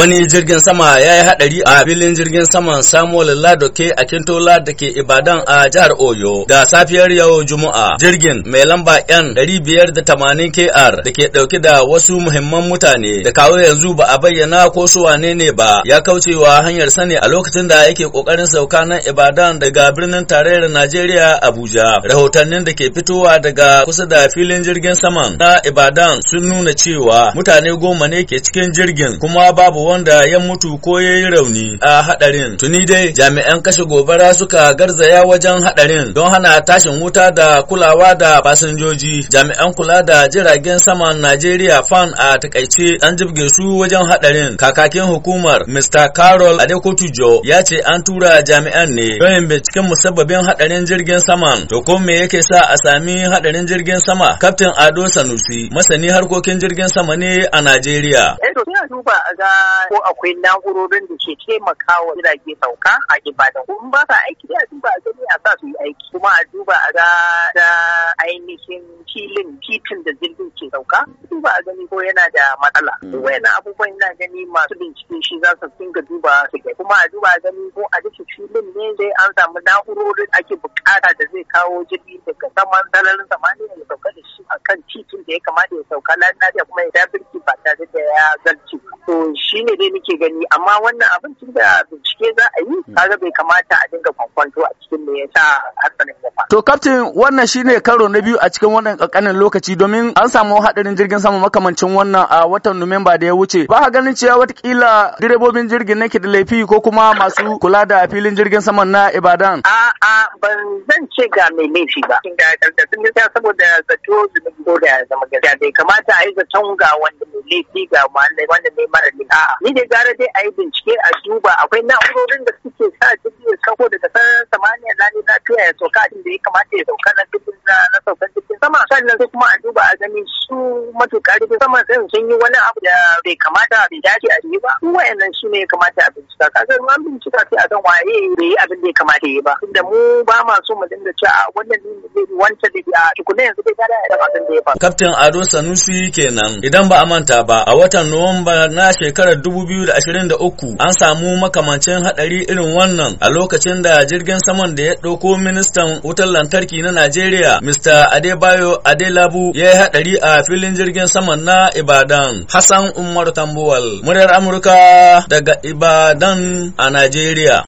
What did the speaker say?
wani jirgin sama ya yi hadari a filin jirgin saman samuel ladoke a kintola da ke ibadan a jihar oyo da safiyar yau juma'a jirgin mai lamba yan 580 kr da ke ɗauke da wasu muhimman mutane da kawo yanzu ba a bayyana ko su wane ne ba ya kaucewa hanyar sani a lokacin da yake kokarin sauka na ibadan daga birnin tarayyar najeriya abuja rahotannin da ke fitowa daga kusa da filin jirgin saman na ibadan sun nuna cewa mutane goma ne ke cikin jirgin kuma babu wanda ya mutu ko ya yi rauni a hadarin tuni dai jami'an kashe gobara suka garzaya wajen hadarin don hana tashin wuta da kulawa da fasinjoji jami'an kula da jiragen saman Najeriya fan a takaice an jibge su wajen hadarin kakakin hukumar Mr. Carol Jo ya ce an tura jami'an ne don binciken musabbabin hadarin jirgin saman to ko me yake sa a sami hadarin jirgin sama Captain Ado Sanusi masani harkokin jirgin sama ne a Najeriya eh, a duba a ga ko akwai na'urorin da ke taimakawa jirage sauka a Ibadan. Kun ba sa aiki a duba a gani a sa su yi aiki kuma a duba a ga da ainihin filin titin da jirgin ke sauka. Duba a gani ko yana da matsala. Mm. Wayannan abubuwan yana gani masu bincike shi za su dinga duba su ga kuma a duba a gani ko a duka filin ne dai an samu na'urorin ake bukata da zai kawo jirgi daga saman zamani samaniya ya sauka da shi akan titin da ya kamata ya sauka lafiya kuma ya da birki ba tare da ya zalci to shi ne dai muke gani amma wannan abin tun da bincike za a yi hmm. kaga bai kamata a dinga kwankwanto a cikin me yasa hatsarin ya To kaftin wannan shine karo na biyu a cikin wannan kakanin lokaci domin an samu hadarin jirgin sama makamancin wannan a watan Nuwamba da ya wuce. Ba a ganin cewa watakila direbobin jirgin nake da laifi ko kuma masu kula da filin jirgin saman na Ibadan. A a ban zan ce ga mai laifi ba. Kin ga karkashin gaskiya saboda zato zubin ko da zama gaskiya bai kamata a yi zaton ga wanda mai laifi ga wanda mai mara laifi. A'a ni da gara dai a yi bincike a duba akwai na'urar sauka da ya kamata ya sauka na jirgin na saukan cikin sama sannan sai kuma a duba a gani su matuƙa da sama sun sun yi wani abu da bai kamata bai dace a yi ba kuma wayannan shi ne ya kamata a bincika kaga ma bincika sai a san waye bai yi abin da ya kamata ya ba tunda mu ba ma so mu dinga a wannan ne zai wancan da a ne yanzu bai gada da abin da ya ba kaftin Ado Sanusi kenan idan ba a manta ba a watan Nuwamba na shekarar da uku, an samu makamancin hadari irin wannan a lokacin da jirgin saman da ya ɗauko ministan wutar lantarki na Najeriya Mr. Adebayo Adelabu ya yi haɗari a filin jirgin sama na Ibadan, Hassan Umar Tambuwal, muryar Amurka daga Ibadan a Najeriya.